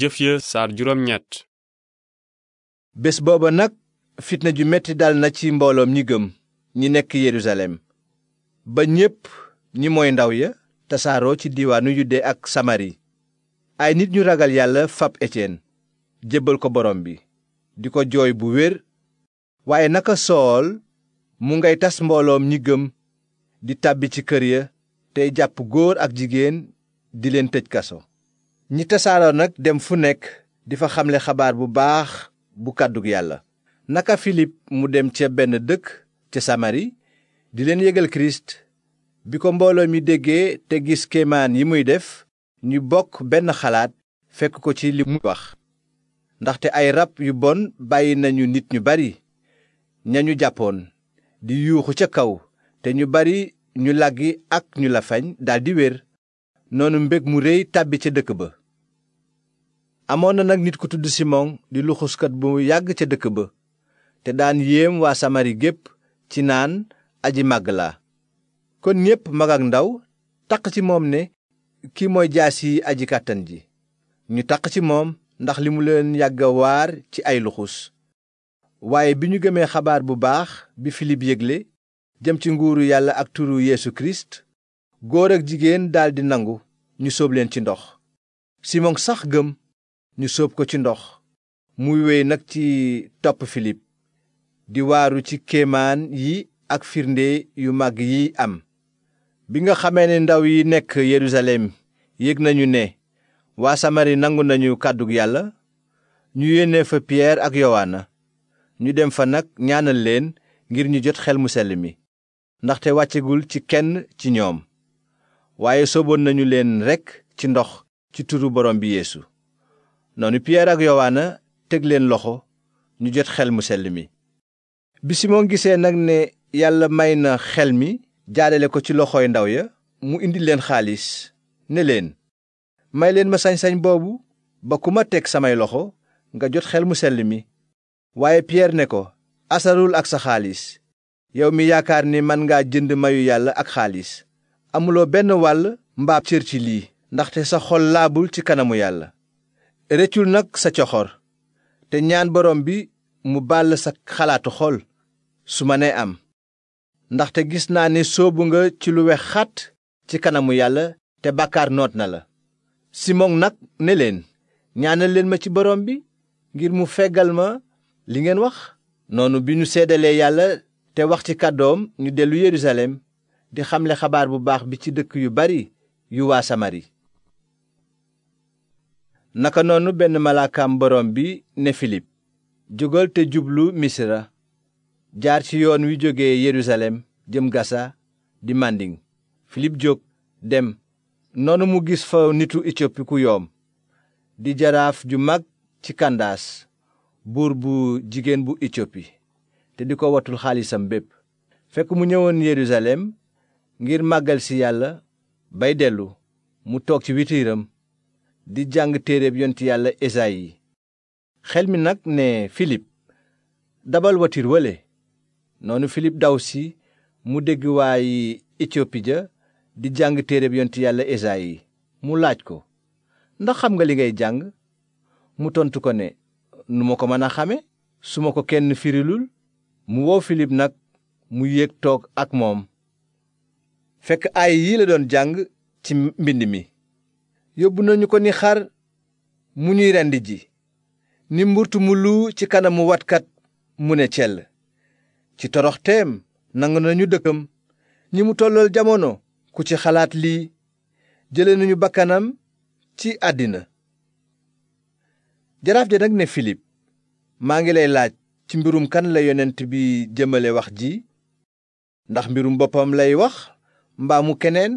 jëf ya saar juróom bés booba nag fitna ju metti dal na ci mbooloom ñi gëm ñi nekk yerusalem ba ñépp ñi mooy ndaw ya tasaaroo ci diiwaanu yude ak samari ay nit ñu ragal yàlla fab etiyen jébbal ko borom bi di ko jooy bu wér waaye naka sool mu ngay tas mbooloom ñi gëm di tàbbi ci kër ya tey jàpp góor ak jigéen di leen tëj kaso ñi tasaaroo nag dem fu nekk di fa xamle xabaar bu baax bu kàddug yàlla naka filip mu dem ca benn dëkk ca samari di leen yégal kirist bi ko mbooloo mi déggee te gis kéemaan yi muy def ñu bokk benn xalaat fekk ko ci li mu wax ndaxte ay rab yu bon bàyyi nañu nit ñu bari ñañu jàppoon di yuuxu ca kaw te ñu bari ñu laggi ak ñu la fañ daldi wér noonu mbég mu réy tàbbi ca dëkk ba amoon na nag nit ku tudd Simon di luxuskat bu yàgg ca dëkk ba te daan yéem waa Samari gépp ci naan aji màgg laa kon ñépp mag ak ndaw taq ci moom ne kii mooy jaasi aji kàttan ji ñu taq ci moom ndax li mu leen yàgg ci ay luxus waaye bi ñu gëmee xabaar bu baax bi Filip yégle jëm ci nguuru yàlla ak turu yéesu Kirist góor ak jigéen daldi nangu ñu soob leen ci ndox Simon sax gëm ñu sóob ko ci ndox muy wéy nag ci topp filip di waaru ci kéemaan yi ak firnde yu màgg yi am bi nga xamee ne ndaw yi nekk yerusalem yéeg nañu ne waa samari nangu nañu kàddu yàlla ñu yéene fa piyeer ak yowaana ñu dem fa nag ñaanal leen ngir ñu jot xel mu sell mi ndaxte wàcceegul ci kenn ci ñoom waaye sóoboon nañu leen rekk ci ndox ci turu borom bi yéesu noonu piyeer ak yowaana teg leen loxo ñu jot xel mu sell mi bi simoon gisee nag ne yàlla may na xel mi jaadale ko ci loxooy ndaw ya mu indi leen xaalis ne leen may leen ma sañ-sañ boobu ba ku ma teg samay loxo nga jot xel mu sell mi waaye piyeer ne ko asarul ak sa xaalis yow mi yaakaar ni man ngaa jënd mayu yàlla ak xaalis amuloo benn wàll mbaab cër ci lii ndaxte sa xol laabul ci kanamu yàlla rëccul nag sa coxor te ñaan borom bi mu bàll sa xalaatu xool su ma nee am ndaxte gis naa ne sóobu nga ci lu wex xat ci kanamu yàlla te bàkkaar noot na la simon nag ne leen ñaanal leen ma ci borom bi ngir mu feggal ma li ngeen wax noonu bi ñu seedalee yàlla te wax ci kàddoom ñu dellu yerusalem di xamle xabaar bu baax bi ci dëkk yu bari yu waa samari naka noonu benn malaakaam borom bi ne filip jógal te jublu misira jaar ci yoon wi jóge yerusalem jëm gasa di mànding filip jóg dem noonu mu gis fa nitu Éthiopie ku yoom di jaraaf ju mag ci kandaas buur bu jigéen bu Éthiopie te di ko watul xaalisam bépp fekk mu ñëwoon yerusalem ngir màggal si yàlla bay dellu mu toog ci witiiram di jàng téereb yonent yàlla esayi xel mi nag ne filip dabal watir wële noonu filip daw si mu dégg waayi etiopi di jàng téereb yonent yàlla esayi mu laaj ko ndax xam nga li ngay jàng mu tontu ko ne nu ma ko mën a xame su ko kenn firilul mu woo filip nag mu yéeg toog ak moom fekk ay yi la doon jàng ci mbind mi yóbbu nañu ko ni xar mu ñuy rendi ji ni mburtu mu luu ci kanamu watkat mu ne cell ci toroxteem nangu nañu dëkkam ñi mu tollool jamono ku ci xalaat lii jële nañu bakkanam ci àddina jaraaf ja nag ne filip maa ngi lay laaj ci mbirum kan la yonent bi jëmale wax ji ndax mbirum boppam lay wax mbaa mu keneen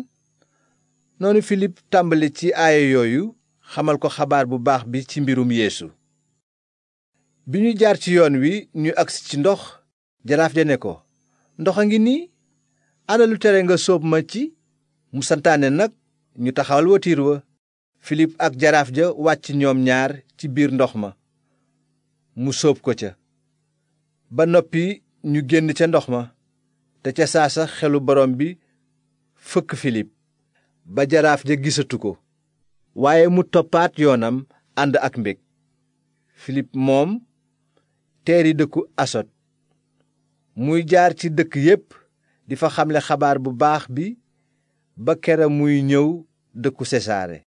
noonu filip tàmbali ci aaya yooyu xamal ko xabaar bu baax bi ci mbirum yeesu bi ñu jaar ci yoon wi ñu agsi ci ndox jaraaf ja ne ko ndox a ngi nii ana lu tere nga soob ma ci mu santaane nag ñu taxawal watiir wa filip ak jaraaf ja wàcc ñoom ñaar ci biir ndox ma mu soob ko ca ba noppi ñu génn ca ndox ma te ca saasa xelu borom bi fëkk filip ba jaraaf ja gisatu ko waaye mu toppaat yoonam ànd ak mbég filip moom teeri dëkku asot muy jaar ci dëkk yépp di fa xamle xabaar bu baax bi ba kera muy ñëw dëkku sesaare